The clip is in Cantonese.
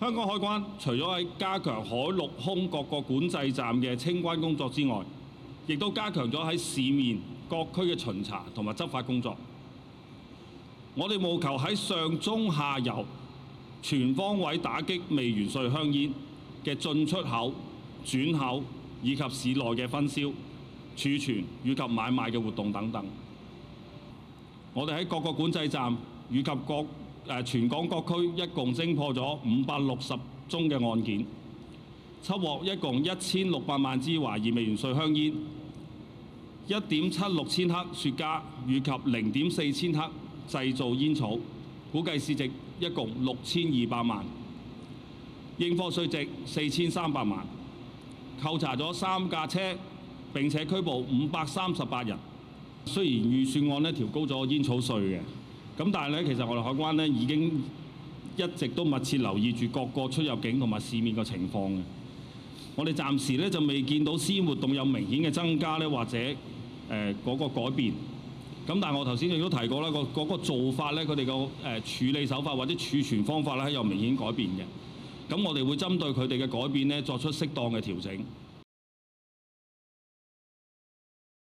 香港海關除咗喺加強海陸空各個管制站嘅清關工作之外，亦都加強咗喺市面各區嘅巡查同埋執法工作。我哋務求喺上中下游全方位打擊未完稅香煙嘅進出口、轉口以及市內嘅分銷、儲存以及買賣嘅活動等等。我哋喺各個管制站以及各全港各區一共偵破咗五百六十宗嘅案件，檢獲一共一千六百萬支懷疑未完稅香煙，一點七六千克雪茄以及零點四千克製造煙草，估計市值一共六千二百萬，應課稅值四千三百萬，扣查咗三架車，並且拘捕五百三十八人。雖然預算案呢調高咗煙草稅嘅。咁但係咧，其實我哋海關咧已經一直都密切留意住各個出入境同埋市面嘅情況嘅。我哋暫時咧就未見到私煙活動有明顯嘅增加咧，或者誒嗰、呃、個改變。咁但係我頭先亦都提過啦，個嗰個做法咧，佢哋個誒處理手法或者儲存方法咧，係有明顯改變嘅。咁我哋會針對佢哋嘅改變咧，作出適當嘅調整。